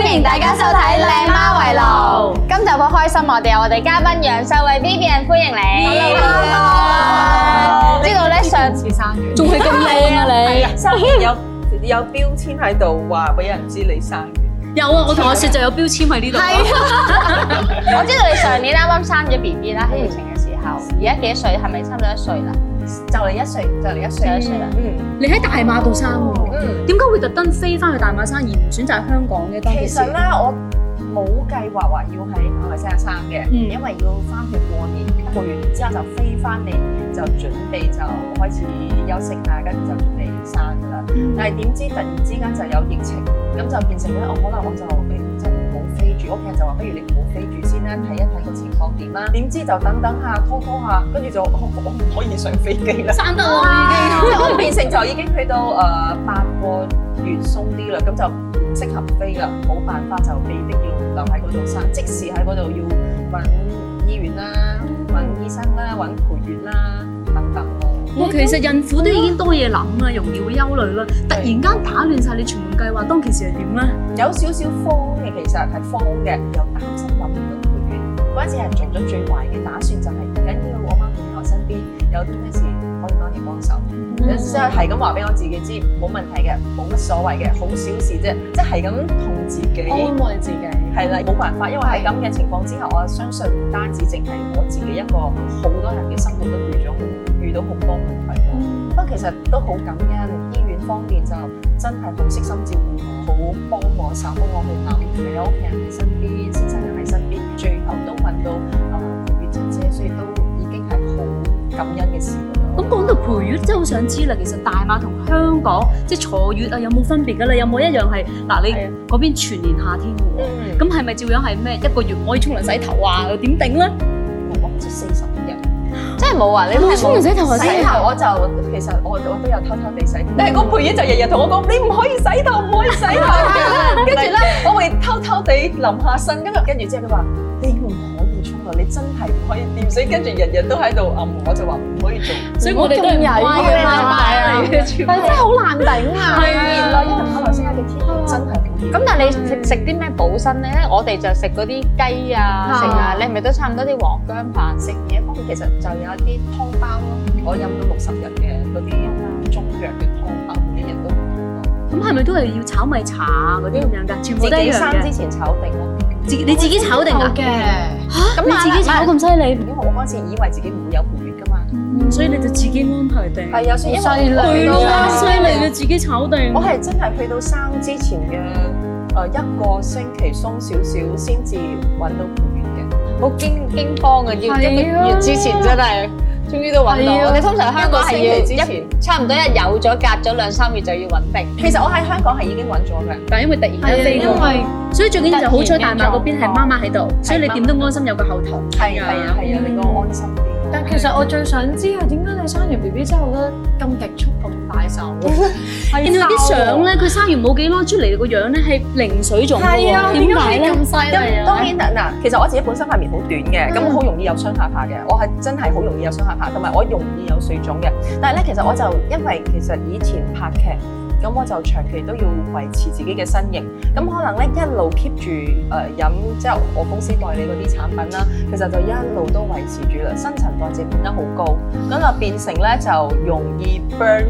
歡迎大家收睇《靚媽圍爐》，今集好開心，er、 我哋有我哋嘉賓楊秀慧 B B 人，ian, 歡迎你。知道咧，上次生嘅仲係咁靚啊！你啊有有標籤喺度話俾人知你生嘅？有啊！我同我雪就有標籤喺呢度。我知道你上年啱啱生咗 B B 啦，喺疫情嘅時候，而家幾歲？係咪差唔多一歲啦？就嚟一歲，就嚟一歲一歲啦。嗯，睡嗯，你喺大馬度生喎，點解、嗯、會特登飛翻去大馬生而唔選擇香港嘅？其實咧，我冇計劃話要喺馬來西亞生嘅，嗯、因為要翻去過年，過完年之後就飛翻嚟，就準備就開始休息下，跟住就準備生噶啦。嗯、但係點知突然之間就有疫情，咁就變成咧，我可能我就。我屋企人就話，不如你唔好飛住先啦，睇一睇個情況點啦。點知就等等下，拖拖下，跟住就我唔可以上飛機啦。生得即係可以我變成就已經去到誒八、uh, 個月鬆啲啦，咁就唔適合飛啦，冇辦法就未必要留喺嗰度生，即使喺嗰度要揾醫院啦、揾醫生啦、揾陪月啦等等。我其實孕婦都已經多嘢諗啊，容易會憂慮啦。突然間打亂晒你全部計劃，當其時係點咧？有少少慌嘅，其實係慌嘅，又擔心揾唔到陪月。嗰陣時係做咗最壞嘅打算，就係唔緊要，我媽，媽陪喺我身邊有，有啲咩事可以幫你幫手。有時候係咁話俾我自己知，冇問題嘅，冇乜所謂嘅，好小事啫。即係咁同自己安慰自己。係啦、哦，冇辦法，因為喺咁嘅情況之下，唉我相信唔單止淨係我自己一個，好、嗯、多人嘅生活都遇咗。好多問題，不過其實都好感恩，醫院方面就真係好悉心照顧，好幫我手，幫我去諗，有屋企人喺身邊，先生喺身邊，最後都揾到啊陪月姐姐，所以都已經係好感恩嘅事。咁講到陪月，真係好想知啦。其實大馬同香港即係坐月啊，有冇分別㗎咧？有冇一樣係嗱？你嗰邊全年夏天嘅喎，咁係咪照樣係咩一個月可以沖涼洗頭啊？點頂咧？真係冇啊！你冇衝，唔使同佢洗頭，啊、洗我就其實我都有偷偷地洗。但係、嗯、個陪月就日日同我講，嗯、你唔可以洗頭，唔可以洗頭。跟住咧，是啊、我會偷偷地淋下身。今日跟住之後說，佢話你用。你真係唔可以掂，所以跟住日日都喺度按，我就話唔可以做，所以我哋都唔買買買啊！但係真係好難頂啊，係咯，因為可能而家嘅天氣真係咁熱。咁但係你食食啲咩補身咧？我哋就食嗰啲雞啊食啊，你係咪都差唔多啲黃薑飯？食嘢方面其實就有一啲湯包咯，我飲到六十日嘅嗰啲中藥嘅。咁係咪都係要炒米茶嗰啲咁樣噶？全部都要生之前炒定咯。自己你自己炒定啊？嘅。嚇！咁你自己炒咁犀利？唔知我嗰陣時以為自己唔會有陪月噶嘛、嗯？所以你就自己安排定。係，有時因犀利攰犀利你自己炒定。啊啊、我係真係去到生之前嘅誒一個星期鬆少少先至揾到陪月嘅。好驚驚慌啊！要一個月之前真係。終於都揾到，我哋通常香港係之前，差唔多一有咗隔咗兩三月就要搵定。其實我喺香港係已經揾咗嘅，但因為突然間有病，因為所以最緊要就好彩大馬嗰邊係媽媽喺度，所以你點都安心有個後頭，係啊係啊，你個安心啲。但其實我最想知係點解你生完 B B 之後呢，咁急速咁大瘦，原來啲相呢，佢生完冇幾耐出嚟個樣呢，係零水腫喎，點解咁犀利啊？當然啦，其實我自己本身塊面好短嘅，咁好容易有雙下巴嘅，我係真係好容易有雙下巴，同埋我容易有水腫嘅。但係呢，其實我就因為其實以前拍劇。咁我就長期都要維持自己嘅身形。咁可能咧一路 keep 住誒飲即係我公司代理嗰啲產品啦，其實就一路都維持住啦，新陳代謝變得好高，咁就變成咧就容易 burn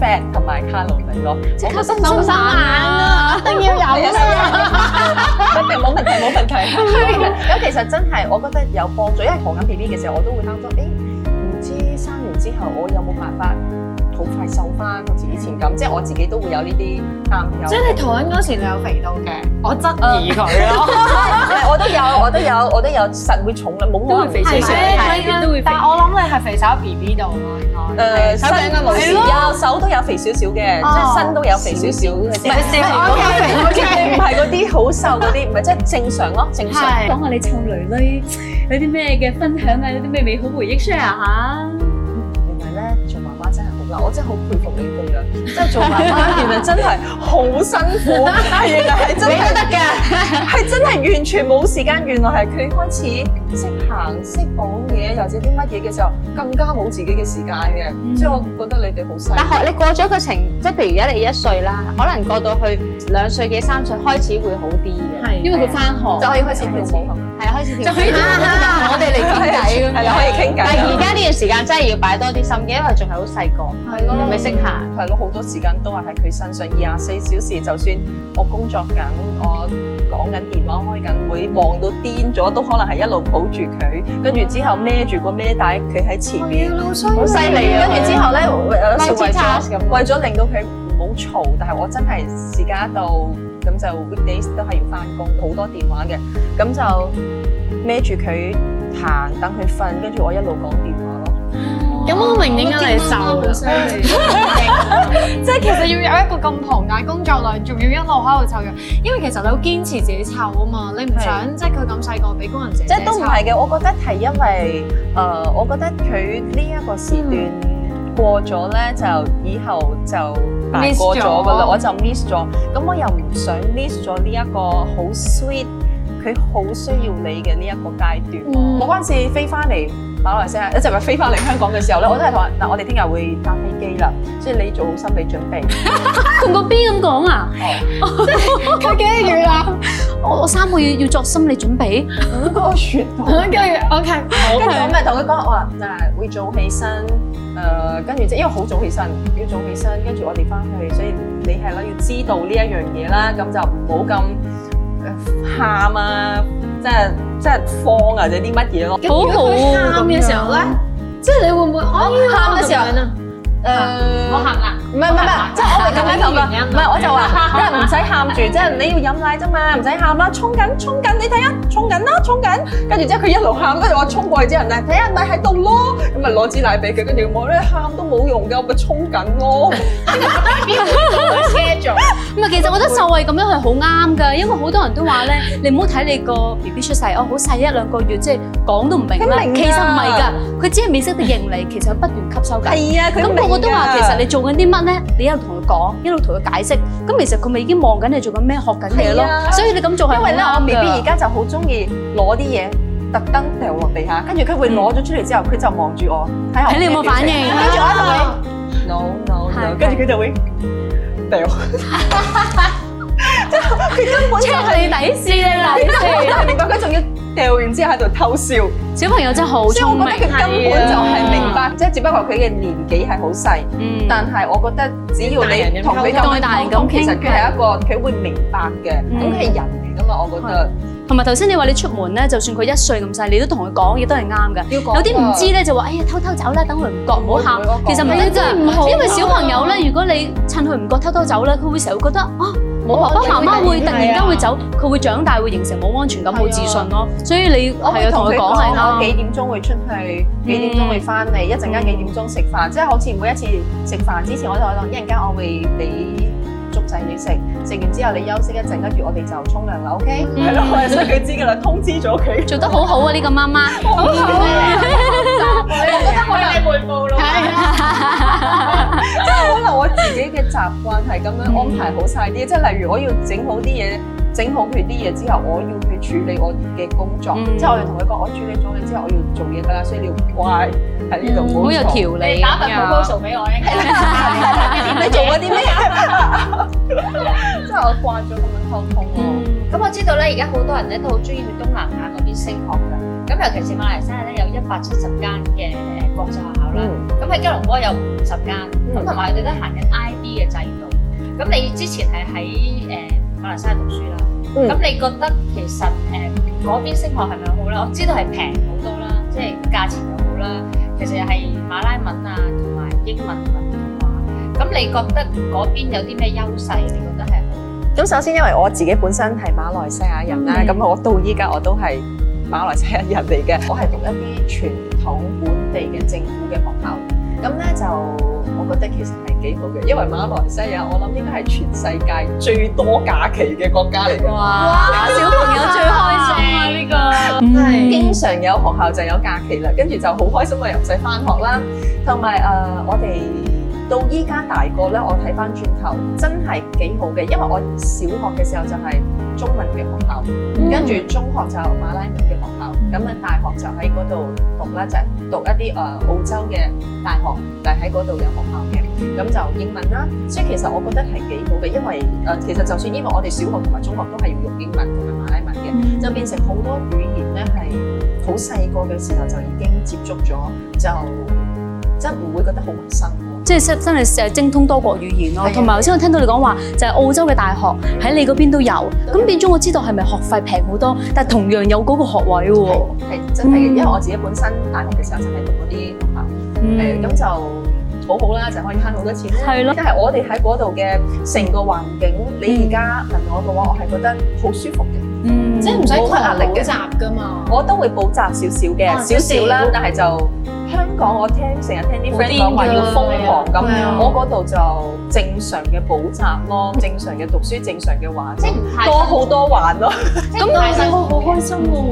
fat 同埋卡 a l o 咯。即刻生三萬啊！一定要有，一定冇問題，冇問題。咁其實真係，我覺得有幫助，因為懷緊 B B 嘅時候我都會擔心，誒唔知生完之後我有冇辦法？好快瘦翻，好似以前咁，即係我自己都會有呢啲擔憂。即係你台灣嗰時你有肥到嘅，我質疑佢咯。我都有，我都有，我都有實會重啦，冇冇。都會肥少少，係啊，都會。但係我諗你係肥曬喺 B B 度咯，應該。誒，手臂應該冇事。有手都有肥少少嘅，即係身都有肥少少嘅。唔係少，唔係嗰啲好瘦嗰啲，唔係即係正常咯，正常。講下你湊女女有啲咩嘅分享啊，有啲咩美好回憶 share 下。我真係好佩服你啲人，真係 做媽媽原來真係好辛苦， 原來係真係得嘅，係 真係完全冇時間，原來係佢開始。識行識講嘢，又或者啲乜嘢嘅時候，更加冇自己嘅時間嘅，所以我覺得你哋好細。大學你過咗一個程，即係譬如一你一歲啦，可能過到去兩歲幾三歲開始會好啲嘅，係因為佢翻學就可以開始跳舞，係啊，開始跳舞，就可以我哋嚟傾偈，係啊，可以傾偈。但而家呢段時間真係要擺多啲心機，因為仲係好細個，係咯，未識行，所以我好多時間都係喺佢身上，廿四小時就算我工作緊我，講緊電話開，開緊會望到癲咗，都可能係一路抱住佢，跟住之後孭住個孭帶佢喺前面，好犀利啊！跟住、啊、之後咧，嗯、為咁、like、this 為咗令到佢唔好嘈，但係我真係時間一到，咁就 weekdays 都係要翻工，好多電話嘅，咁就孭住佢行，等佢瞓，跟住我一路講電話咯。有冇、啊、明點解你受？即係其實要有一個咁龐大工作量，仲要一路喺度湊養，因為其實你好堅持自己湊啊嘛，是你唔想即係佢咁細個俾工人姐姐。即係都唔係嘅，我覺得係因為，誒、嗯呃，我覺得佢呢一個時段過咗咧，就以後就 miss 咗噶啦，我就 miss 咗，咁、嗯、我又唔想 miss 咗呢一個好 sweet。佢好需要你嘅呢一個階段。我嗰陣時飛翻嚟馬來西亞，一直咪飛翻嚟香港嘅時候咧，我都係同人嗱，我哋聽日會搭飛機啦，即係你做好心理準備。同個 B 咁講啊？哦，佢幾多月啊？我我三個月要作心理準備。五個月？跟住？OK。跟住我咪同佢講話，嗱，會早起身，誒，跟住即係因為好早起身，要早起身，跟住我哋翻去，所以你係咯，要知道呢一樣嘢啦，咁就唔好咁。喊啊，即係即係慌啊，或者啲乜嘢咯。好，佢喊嘅時候咧，即係、啊、你會唔會？我喊嘅時候，我喊啦。唔係唔係，即係我係咁樣同佢，唔係我就話，即係唔使喊住，即係你要飲奶啫嘛，唔使喊啦，沖緊沖緊，你睇下，沖緊咯，沖緊，跟住之後佢一路喊，跟住我沖過嚟之後，誒睇下奶喺度咯，咁咪攞支奶俾佢，跟住冇咧喊都冇用㗎，我咪沖緊咯，邊個俾我車咗？咁啊，其實我覺得秀慧咁樣係好啱㗎，因為好多人都話咧，你唔好睇你個 BB 出世哦，好細一兩個月，即係講都唔明啦。其實唔係㗎，佢只係未識得認嚟，其實佢不斷吸收緊。係啊，佢。咁個個都話其實你做緊啲乜？咧，你一路同佢講，一路同佢解釋，咁其實佢咪已經望緊你做緊咩，學緊嘢咯。所以你咁做係因為咧，我 BB 而家就好中意攞啲嘢，特登掉落地下，跟住佢會攞咗出嚟之後，佢就望住我，睇下你有冇反應。跟住我就會，no no no，跟住佢就會掉。即係佢根本就係大師啦，係唔該，繼續。掉完之後喺度偷笑，小朋友真係好聰明，所以我覺得佢根本就係明白，即係的只不過佢嘅年紀係好細。嗯，但係我覺得只要你同佢多啲溝通，其實佢係一個佢會明白嘅，咁佢係人嚟噶嘛，我覺得。同埋頭先你話你出門咧，就算佢一歲咁細，你都同佢講亦都係啱嘅。有啲唔知咧就話，哎呀，偷偷走啦，等佢唔覺唔好喊。其實唔係，真係因為小朋友呢，如果你趁佢唔覺偷偷走咧，佢會成日覺得啊，我爸爸媽媽會突然間會走，佢會長大會形成冇安全感、冇自信咯。所以你我會同佢講我幾點鐘會出去，幾點鐘會返嚟，一陣間幾點鐘食飯，即係好似每一次食飯之前我都會講，一陣間我會俾。粥仔你食，食完之後你休息一陣，跟住我哋就沖涼啦，OK？係咯、嗯，我哋識佢知嘅啦，通知咗佢，做得好、這個、媽媽 好啊，呢個媽媽，好好，真係可以係回報咯。係啊，即係可能我自己嘅習慣係咁樣安排好晒啲，即係、嗯、例如我要整好啲嘢。整好佢啲嘢之後，我要去處理我嘅工作，之後我要同佢講，我處理咗你之後，我要做嘢噶啦，所以你要乖喺呢度。我要條理，打份報告數俾我。係啊，點樣做啊？點咩？真係我慣咗咁樣溝通喎。咁我知道咧，而家好多人咧都好中意去東南亞嗰邊升學嘅。咁尤其是馬來西亞咧，有一百七十間嘅國際學校啦。咁喺吉隆坡有五十間，咁同埋佢哋都行緊 IB 嘅制度。咁你之前係喺誒？馬來西亞讀書啦，咁你覺得其實誒嗰邊升學係咪好咧？我知道係平好多啦，即係價錢又好啦。其實係馬來文啊，同埋英文同埋普通話。咁你覺得嗰邊有啲咩優勢？你覺得係好？咁首先因為我自己本身係馬來西亞人啦，咁我到依家我都係馬來西亞人嚟嘅。我係讀一啲傳統本地嘅政府嘅學校。咁咧就，我覺得其實係幾好嘅，因為馬來西亞，我諗應該係全世界最多假期嘅國家嚟嘅。哇！小朋友最開心呢、呢個，係、嗯、 經常有學校就有假期啦，跟住就好開心我又唔使返學啦。同埋誒，我哋到依家大個咧，我睇翻轉頭真係幾好嘅，因為我小學嘅時候就係中文嘅學校，跟住、嗯、中學就馬來文嘅學校。咁喺大學就喺嗰度讀啦，就係、讀一啲誒、呃、澳洲嘅大學，就喺嗰度有學校嘅，咁就英文啦。所以其實我覺得係幾好嘅，因為誒、呃、其實就算因為我哋小學同埋中學都係要用英文同埋馬來文嘅，就變成好多語言咧係好細個嘅時候就已經接觸咗，就即係唔會覺得好陌生。即係真係精通多國語言咯、啊，同埋頭先我聽到你講話就係、是、澳洲嘅大學喺、嗯、你嗰邊都有，咁變咗我知道係咪學費平好多，但係同樣有嗰個學位喎、啊。係真係嘅，因為我自己本身大學嘅時候就係讀嗰啲學校，誒咁、嗯嗯嗯、就。好好啦，就可以慳好多錢啦。係咯。但係我哋喺嗰度嘅成個環境，你而家問我嘅話，我係覺得好舒服嘅。嗯。即係唔使好壓力嘅。補習㗎嘛。我都會補習少少嘅，少少啦。但係就香港，我聽成日聽啲 friend 講話要瘋狂咁樣，我嗰度就正常嘅補習咯，正常嘅讀書，正常嘅話題，多好多玩咯。咁但係我好開心喎。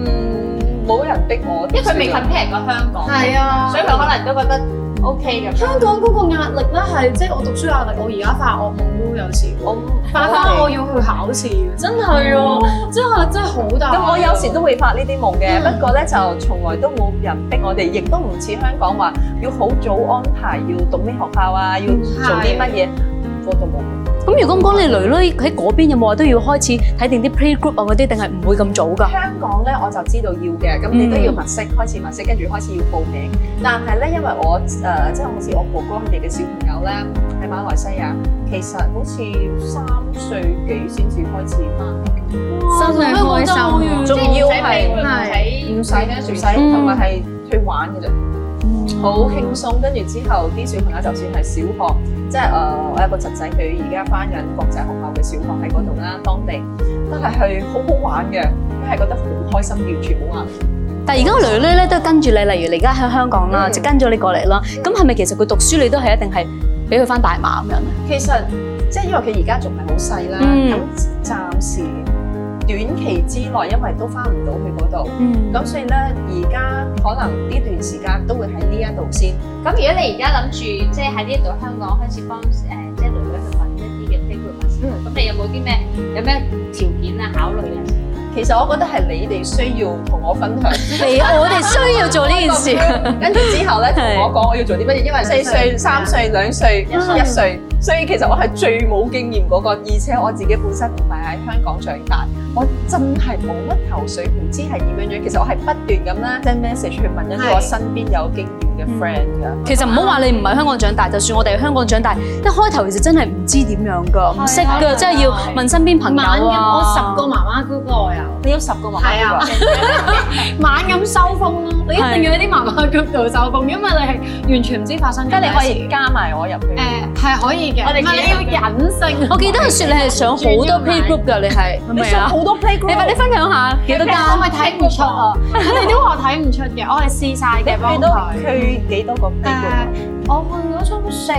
嗯，冇人逼我，因為佢未 compare 過香港。係啊。所以佢可能都覺得。OK，咁香港嗰個壓力呢，係，即我讀書壓力，我而家發噩夢都有時，我發生我要去考試嘅，真係喎，真係真係好大。咁我有時都會發呢啲夢嘅，嗯、不過呢，就從來都冇人逼我哋，亦都唔似香港話要好早安排要讀咩學校啊，嗯、要做啲乜嘢，做做夢。咁如果唔講，你女女喺嗰邊，有冇話都要開始睇定啲 playgroup 啊嗰啲，定係唔會咁早㗎？香港咧，我就知道要嘅，咁你都要物色，開始物色，跟住開始要報名。但係咧，因為我誒即係好似我哥哥佢哋嘅小朋友咧，喺馬來西亞，其實好似三歲幾先至開始翻。哇！香港都仲要係唔使咧，唔使同埋係去玩㗎啫。好輕鬆，跟住之後啲小朋友，就算係小學，即係誒、呃，我有個侄仔，佢而家翻緊國際學校嘅小學喺嗰度啦，嗯、當地都係係好好玩嘅，都係覺得好開心，完全冇壓力。但係而家個女女咧都跟住你，例如你而家喺香港啦，嗯、就跟咗你過嚟咯。咁係咪其實佢讀書你都係一定係俾佢翻大馬咁樣咧？其實即係因為佢而家仲係好細啦，咁、嗯、暫時。短期之內，因為都返唔到去嗰度，咁、嗯、所以呢，而家可能呢段時間都會喺呢一度先。咁如果你而家諗住，即係喺呢度香港開始幫誒、呃，即係囡囡去揾一啲嘅飛盤物資，咁、嗯、你有冇啲咩，有咩條件啊，考慮啊？其實我覺得係你哋需要同我分享，我哋需要做呢件事，跟住之後咧同 我講我要做啲乜嘢，因為四歲、三歲、兩歲、一歲。所以其實我係最冇經驗嗰、那個，而且我自己本身唔係喺香港長大，我真係冇乜頭緒，唔知係點樣樣。其實我係不斷咁咧 send message 去問一啲我身邊有經驗。其實唔好話你唔係香港長大，就算我哋喺香港長大，一開頭其實真係唔知點樣噶，唔識噶，真係要問身邊朋友啊。我十個媽媽 group 都有。你有十個媽媽？係啊。晚咁收鋒咯，你一定要喺啲媽媽 group 度收風，因為你係完全唔知發生。即係你可以加埋我入去。誒，係可以嘅。我唔係你要隱性。我記得佢說你係上好多 playgroup 噶，你係你上好多 playgroup，你快啲分享下幾多間？我咪睇唔出啊。你都話睇唔出嘅，我係試晒嘅幾多個？誒，uh, 我去咗差唔多四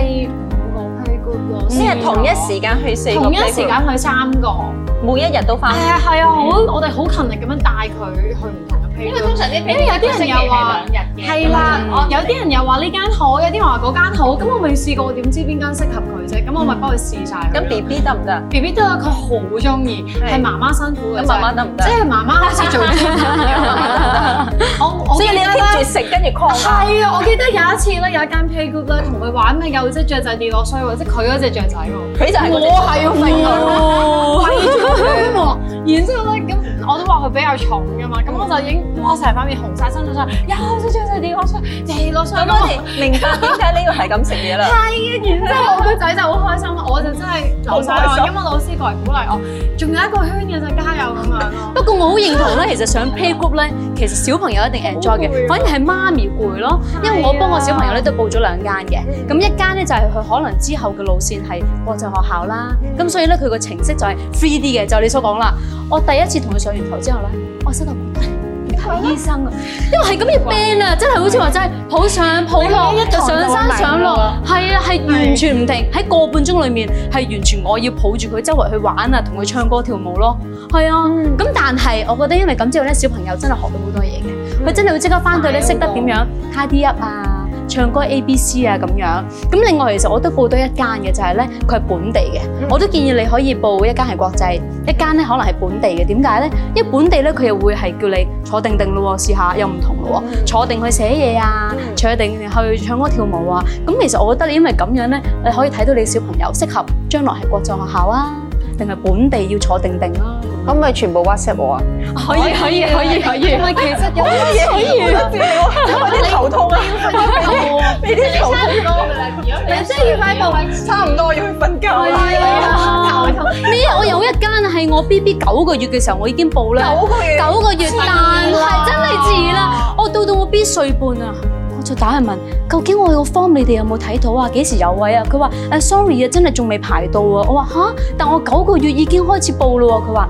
五個 P 區咯，即係個同一時間去四個，同一時間去三個，每一日都翻。係 啊，係啊，啊，好， 我哋好勤力咁樣帶佢去唔同。因為通常呢，因為有啲人又話係啦，有啲人又話呢間好，有啲人話嗰間好，咁我未試過，點知邊間適合佢啫？咁我咪幫佢試曬。咁 BB 得唔得？BB 得啊，佢好中意，係是媽媽辛苦嘅。咁媽媽得唔 得？即係媽媽好似做超人咁，我我即係你 keep 住食跟住擴。係啊，我記得有一次咧，有一間 playgroup 咧，同佢玩嘅有隻雀仔跌落水喎，即係佢嗰隻雀仔喎，佢就係我係有份喎，係要衰喎。 然之後咧，我都話佢比較重嘅嘛，咁我就已經哇成塊面紅曬，身上，上，上，上身有少少細啲，上上上上我出地攞相嗰時，明白，其實呢個係咁食嘢啦。係、 啊、 然之後我個仔就好開心，我就真係流晒口水。我因為我老師過嚟鼓勵我，仲有一個圈嘅就加油咁樣 不過我好認同咧，其實上 play group 咧，其實小朋友一定 enjoy 嘅， 反而係媽咪攰咯。因為我幫我小朋友咧都報咗兩間嘅，咁一間咧就係佢可能之後嘅路線係國際學校啦，咁所以咧佢個程式就係 free 啲嘅，就你所講啦。我第一次同佢上完台之後呢，我收到骨牌，要睇醫生啊，因為係咁要病啊，哇真係好似話真係抱上抱落就上山上，上落，係啊，係完全唔停喺的個半鐘裏面，係完全我要抱住佢周圍去玩啊，同佢唱歌跳舞咯，係啊，咁、嗯、但係我覺得因為咁之後咧，小朋友真係學到，到他對好多嘢嘅，佢真係會即刻翻到咧，識得點樣 card up 啊。唱歌 A B C 啊咁樣，咁另外其實我都報多一間嘅，就係咧佢係本地嘅，我都建議你可以報一間係國際，一間咧可能係本地嘅，點解咧？因為本地咧佢又會係叫你坐定定咯，試下又唔同咯，坐定去寫嘢啊，坐定去唱歌跳舞啊，咁其實我覺得因為咁樣咧，你可以睇到你小朋友適合將來係國際學校啊，定係本地要坐定定啦。可唔可以全部 WhatsApp 我啊，可以可以可以可以。我啲頭痛啊，我啲頭痛啊，你啲頭痛多嘅啦，你真要快步，差唔多我要去瞓覺啦。頭痛，咩啊？我有一間係我 B B 九個月嘅時候我已經報啦，九個月，九個月，但係真係遲啦，我到到我 B 歲半啊。就打去問，究竟我個方 o r m 你哋有冇睇到啊？幾時有位啊？佢話 s o r r y 啊，真係仲未排到啊！我話吓，但我九個月已經開始報咯、啊。佢話。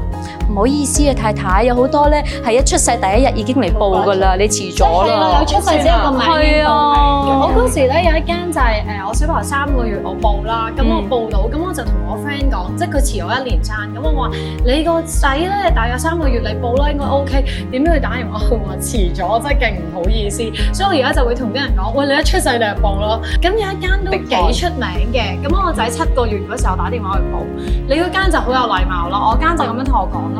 唔好意思啊，太太，有好多咧係一出世第一日已經嚟報噶啦，你遲咗啦。係、嗯、啊，嗯、我嗰時咧有一間就係、是、誒，我小朋友三個月我報啦，咁我報到，咁我就同我 friend 講，即係佢遲咗一年生，咁我話你個仔咧大約三個月你報啦，應該 OK。點知去打電話我話遲咗，真係勁唔好意思。所以我而家就會同啲人講，喂，你一出世就係報咯。咁有一間都幾出名嘅，咁我仔七個月嗰時候打電話去報，你嗰間就好有禮貌咯，我間就咁樣同我講